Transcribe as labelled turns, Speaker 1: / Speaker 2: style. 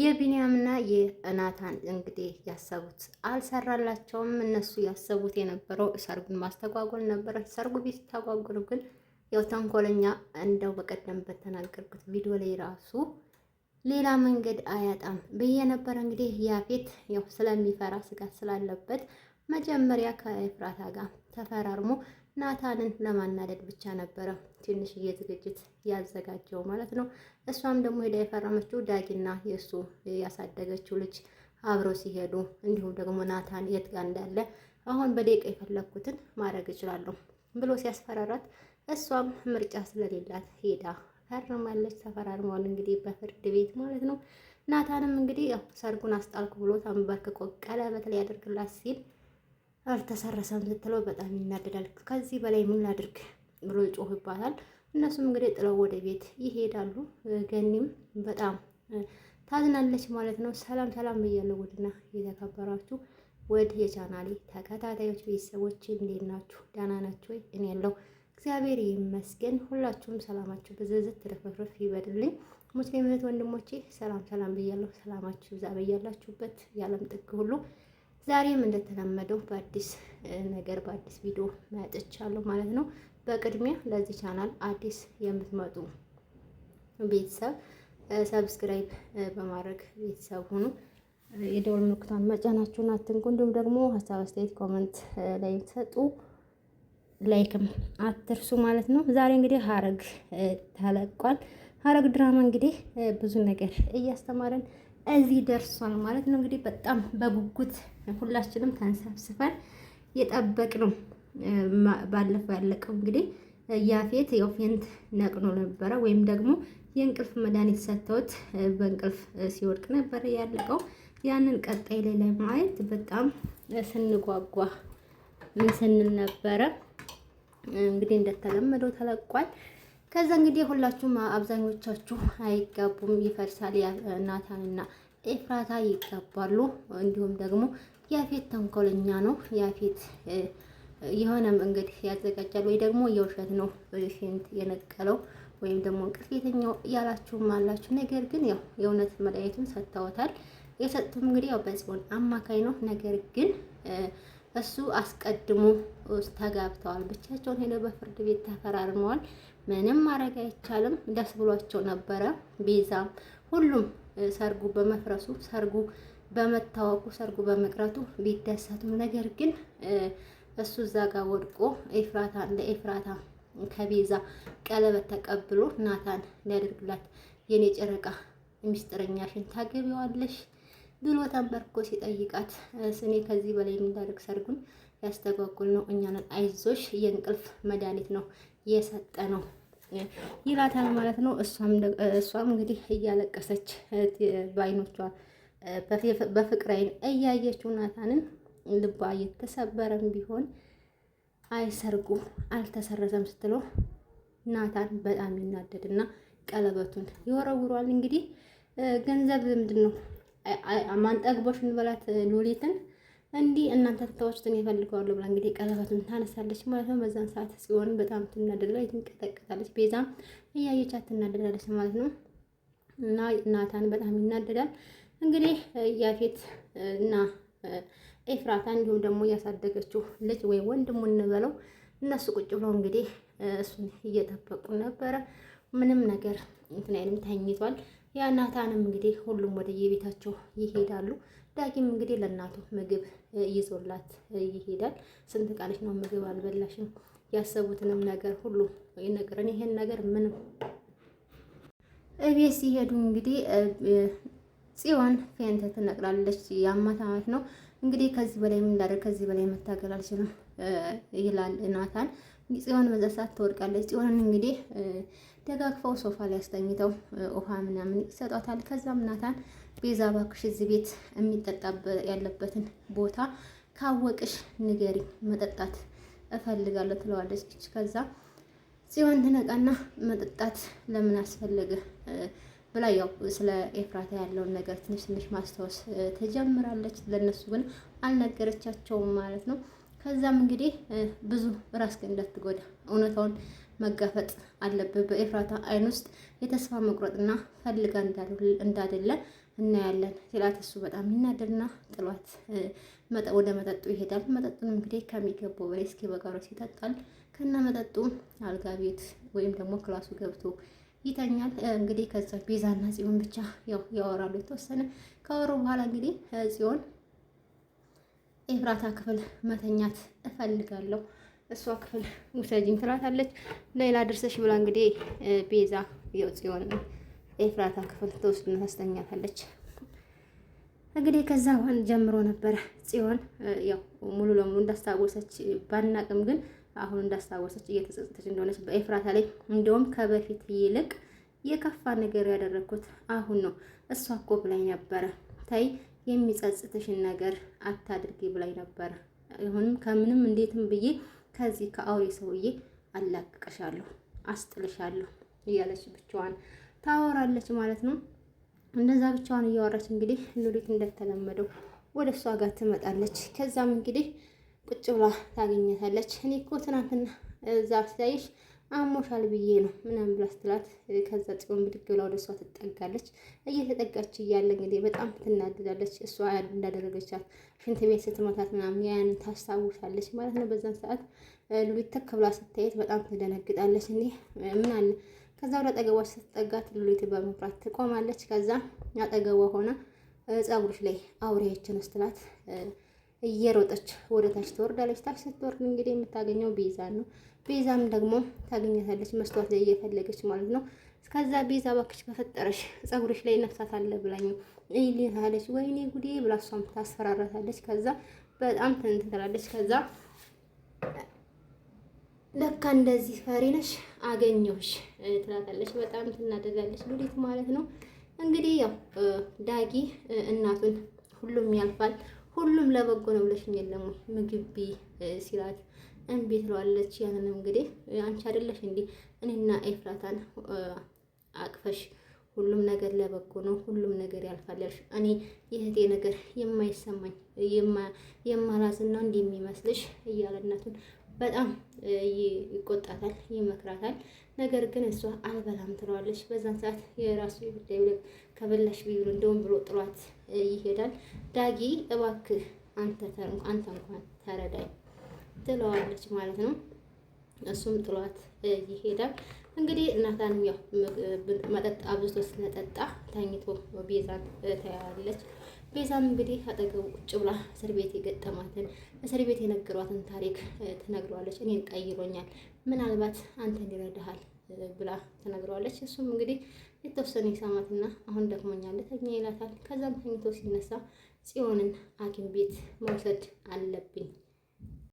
Speaker 1: የቢንያምና የእናታን እንግዲህ ያሰቡት አልሰራላቸውም። እነሱ ያሰቡት የነበረው ሰርጉን ማስተጓጎል ነበረ። ሰርጉ ቢስተጓጎል ግን ያው ተንኮለኛ እንደው በቀደም በተናገርኩት ቪዲዮ ላይ ራሱ ሌላ መንገድ አያጣም ብዬ ነበረ እንግዲህ ያፌት ያው ስለሚፈራ ስጋት ስላለበት መጀመሪያ ከኤፍራታ ጋር ተፈራርሞ ናታንን ለማናደድ ብቻ ነበረ ትንሽዬ ዝግጅት ያዘጋጀው ማለት ነው። እሷም ደግሞ ሄዳ የፈረመችው ዳጊና የእሱ ያሳደገችው ልጅ አብረው ሲሄዱ እንዲሁም ደግሞ ናታን የት ጋር እንዳለ አሁን በደቂቃ የፈለግኩትን ማድረግ እችላለሁ ብሎ ሲያስፈራራት እሷም ምርጫ ስለሌላት ሄዳ ፈርማለች። ተፈራርመዋል እንግዲህ በፍርድ ቤት ማለት ነው። ናታንም እንግዲህ ሰርጉን አስጣልኩ ብሎ ተንበርክቆ ቀለበት ሊያደርግላት ሲል አልተሰረሰም ስትለው በጣም ይናደዳል። ከዚህ በላይ ምን ላድርግ ብሎ ይባላል። እነሱም እንግዲህ ጥለው ወደ ቤት ይሄዳሉ። ገኒም በጣም ታዝናለች ማለት ነው። ሰላም ሰላም ብያለሁ ውድና የተከበራችሁ ወድ የቻናሌ ተከታታዮች ቤተሰቦች እንዴት ናችሁ? ደህና ናችሁ ወይ? እኔ ያለው እግዚአብሔር ይመስገን። ሁላችሁም ሰላማችሁ ብዝዝት ትርፍርፍ ይበድልኝ። ሙስሊም እህት ወንድሞቼ ሰላም ሰላም ብያለሁ። ሰላማችሁ ዛ በያላችሁበት የዓለም ጥግ ሁሉ ዛሬም እንደተለመደው በአዲስ ነገር በአዲስ ቪዲዮ መጥቻለሁ ማለት ነው። በቅድሚያ ለዚህ ቻናል አዲስ የምትመጡ ቤተሰብ ሰብስክራይብ በማድረግ ቤተሰብ ሁኑ። የደወል ምልክቷን መጫናችሁን አትንኩ። እንዲሁም ደግሞ ሀሳብ አስተያየት ኮመንት ላይ ሰጡ፣ ላይክም አትርሱ ማለት ነው። ዛሬ እንግዲህ ሀረግ ተለቋል። ሀረግ ድራማ እንግዲህ ብዙ ነገር እያስተማረን እዚህ ደርሷል ማለት ነው። እንግዲህ በጣም በጉጉት ሁላችንም ተንሰብስፈን የጠበቅ ባለፈው ያለቀው እንግዲህ ያፌት የኦፌንት ነቅኖ ነበረ ወይም ደግሞ የእንቅልፍ መድኃኒት ሰጥተውት በእንቅልፍ ሲወድቅ ነበረ ያለቀው። ያንን ቀጣይ ላይ ለማየት በጣም ስንጓጓ ምን ስንል ነበረ እንግዲህ እንደተለመደው ተለቋል። ከዛ እንግዲህ ሁላችሁም አብዛኞቻችሁ አይጋቡም ይፈርሳል። ናታንና ኤፍራታ ይጋባሉ። እንዲሁም ደግሞ ያፌት ተንኮለኛ ነው። ያፌት የሆነ መንገድ ያዘጋጃል ወይ ደግሞ የውሸት ነው ሽንት የነቀለው ወይም ደግሞ እንቅልፍ የተኛው አላችሁ። ነገር ግን ያው የእውነት መድኃኒቱን ሰጥተውታል። የሰጡም እንግዲህ ያው በጽሆን አማካኝ ነው። ነገር ግን እሱ አስቀድሞ ተጋብተዋል። ብቻቸውን ሄደው በፍርድ ቤት ተፈራርመዋል። ምንም ማድረግ አይቻልም። ደስ ብሏቸው ነበረ። ቤዛም ሁሉም ሰርጉ በመፍረሱ ሰርጉ በመታወቁ ሰርጉ በመቅረቱ ቢደሰቱም ነገር ግን እሱ እዛ ጋር ወድቆ ኤፍራታ ለኤፍራታ ከቤዛ ቀለበት ተቀብሎ ናታን ሊያደርግላት የኔ ጨረቃ ሚስጥረኛሽን ታገቢዋለሽ ብሎ ተንበርኮ ሲጠይቃት ስሜ ከዚህ በላይ የምንዳርግ ሰርጉን ያስተጓጉል ነው እኛንን አይዞሽ የእንቅልፍ መድኃኒት ነው የሰጠ ነው ይላታል ማለት ነው። እሷም እንግዲህ እያለቀሰች በአይኖቿ በፍቅር አይን እያየችው ናታንን ልቧ እየተሰበረም ቢሆን አይሰርጉ አልተሰረዘም ስትሎ ናታን በጣም ይናደድና ቀለበቱን ይወረውሯል። እንግዲህ ገንዘብ ምንድን ነው ማንጠግቦች ምንበላት ሉሊትን እንዲህ እናንተ ትታወችትን ይፈልገዋለሁ ብላ እንግዲህ ቀለበቱን ታነሳለች ማለት ነው። በዛን ሰዓት ሲሆን በጣም ትናደዳለች፣ ትንቀጠቀጣለች። ቤዛም እያየቻት ትናደዳለች ማለት ነው። እና ናታን በጣም ይናደዳል። እንግዲህ ያፌት እና ኤፍራታ እንዲሁም ደግሞ እያሳደገችው ልጅ ወይ ወንድሙ እንበለው እነሱ ቁጭ ብለው እንግዲህ እሱን እየጠበቁ ነበረ። ምንም ነገር እንትን አይልም ተኝቷል። የእናታንም እንግዲህ ሁሉም ወደ የቤታቸው ይሄዳሉ። ዳጊም እንግዲህ ለእናቱ ምግብ ይዞላት ይሄዳል። ስንት ቃለች ነው ምግብ አልበላሽም? ያሰቡትንም ነገር ሁሉ ይነግረን። ይሄን ነገር ምንም እቤት ሲሄዱ እንግዲህ ጽዮን ፌንት ትነቅላለች። የአማት አመት ነው እንግዲህ ከዚህ በላይ ምን ላደርግ፣ ከዚህ በላይ መታገል አልችልም ይላል ናታን። ጽዮን በዛ ሰዓት ትወድቃለች። ጽዮንን እንግዲህ ደጋግፈው ሶፋ ላይ አስጠኝተው ውሃ ምናምን ይሰጧታል። ከዛም ናታን ቤዛ እባክሽ እዚህ ቤት የሚጠጣ ያለበትን ቦታ ካወቅሽ ንገሪ፣ መጠጣት እፈልጋለሁ ትለዋለች። ከዛ ጽዮን ትነቃና መጠጣት ለምን አስፈለገ ብላ ያው ስለ ኤፍራታ ያለውን ነገር ትንሽ ትንሽ ማስታወስ ትጀምራለች። ለነሱ ግን አልነገረቻቸውም ማለት ነው። ከዛም እንግዲህ ብዙ ራስ እንዳትጎዳ እውነታውን መጋፈጥ አለብህ። በኤፍራታ አይን ውስጥ የተስፋ መቁረጥና ፈልጋ እንዳደለ እናያለን ሲላት እሱ በጣም ይናደድና ጥሏት ወደ መጠጡ ይሄዳል። መጠጡን እንግዲህ ከሚገባው በላይ እስኪ በጋሮች ይጠጣል። ከነ መጠጡ አልጋ ቤት ወይም ደግሞ ክላሱ ገብቶ ይተኛል። እንግዲህ ከዛ ቤዛና ጽዮን ብቻ ያወራሉ የተወሰነ ከወሮ በኋላ እንግዲህ ጽዮን ኤፍራታ ክፍል መተኛት እፈልጋለሁ እሷ ክፍል ውሰጅኝ ትላታለች። ሌላ ድርሰሽ ብላ እንግዲህ ቤዛ ያው ኤፍራታ ክፍል ተወስድና ታስተኛታለች። እንግዲህ ከዛ በኋላ ጀምሮ ነበረ ጽዮን ያው ሙሉ ለሙሉ እንዳስታወሰች ባናቅም ግን አሁን እንዳስታወሰች እየተጸጸተች እንደሆነች በኤፍራታ ላይ እንደውም ከበፊት ይልቅ የከፋ ነገር ያደረግኩት አሁን ነው። እሷ እኮ ብላኝ ነበረ፣ ተይ የሚጸጽትሽን ነገር አታድርጊ ብላኝ ነበረ ይሁንም ከምንም እንዴትም ብዬ ከዚህ ከአውሬ ሰውዬ አላቅቀሻለሁ፣ አስጥልሻለሁ እያለች ብቻዋን ታወራለች ማለት ነው። እንደዛ ብቻዋን እያወራች እንግዲህ ሉሊት እንደተለመደው ወደ እሷ ጋር ትመጣለች። ከዛም እንግዲህ ቁጭ ብላ ታገኘታለች። እኔ እኮ ትናንትና እዛ ሳይሽ አሞሻል ብዬ ነው ምናምን ብላ ስትላት፣ ከዛ ጽዮን ብድግ ብላ ወደ እሷ ትጠጋለች። እየተጠጋች እያለ እንግዲህ በጣም ትናደዳለች። እሷ እንዳደረገቻት ሽንት ቤት ስትመታት ምናምን ያን ታስታውሻለች ማለት ነው። በዛን ሰዓት ሉሊት ተክ ብላ ስታየት በጣም ትደነግጣለች። እንዴ ምን አለ? ከዛ ወደ አጠገቧ ስትጠጋት ሉሊት በመፍራት ትቆማለች። ከዛ አጠገቧ ሆና ጸጉርሽ ላይ አውሬዎችን ስትላት እየሮጠች ወደ ታች ትወርዳለች። ታች ስትወርድ እንግዲህ የምታገኘው ቤዛ ነው። ቤዛም ደግሞ ታገኘታለች መስታወት ላይ እየፈለገች ማለት ነው። እስከዛ ቤዛ ባክሽ በፈጠረሽ ጸጉርሽ ላይ ነፍሳት አለ ብላኝ ይልሃለች። ወይኔ ጉዴ ብላ እሷም ታስፈራራታለች። ከዛ በጣም ትንትላለች። ከዛ ለካ እንደዚህ ፈሪ ነሽ አገኘሁሽ ትላታለች። በጣም ትናደዳለች ሉሊት ማለት ነው። እንግዲህ ያው ዳጊ እናቱን ሁሉም ያልፋል ሁሉም ለበጎ ነው ብለሽኝ የለም ወይ ምግብ ሲላት እምቢ ትለዋለች። ያንን እንግዲህ አንቺ አይደለሽ እንዴ እኔና ኤፍራታን አቅፈሽ ሁሉም ነገር ለበጎ ነው፣ ሁሉም ነገር ያልፋል ያልሽ እኔ የእህቴ ነገር የማይሰማኝ የማላዝና እንደሚመስልሽ እያለ እናቱን በጣም ይቆጣታል፣ ይመክራታል። ነገር ግን እሷ አልበላም ትለዋለች። በዛን ሰዓት የራሱ ጉዳይ ከበላሽ ቢሉ እንደውም ብሎ ጥሏት ይሄዳል። ዳጊ እባክህ አንተ አንተ እንኳን ተረዳኝ ትለዋለች ማለት ነው። እሱም ጥሏት ይሄዳል። እንግዲህ እናታንም ያው መጠጥ አብዝቶ ስለጠጣ ተኝቶ ቤዛን ታያለች። ቤዛም እንግዲህ አጠገቡ ቁጭ ብላ እስር ቤት የገጠማትን እስር ቤት የነገሯትን ታሪክ ትነግረዋለች። እኔን ቀይሮኛል፣ ምናልባት አንተን ይረዳሃል ብላ ትነግረዋለች። እሱም እንግዲህ የተወሰነ ይሰማትና አሁን ደክሞኛል ተኛ ይላታል። ከዛም ተኝቶ ሲነሳ ጽዮንን ሐኪም ቤት መውሰድ አለብኝ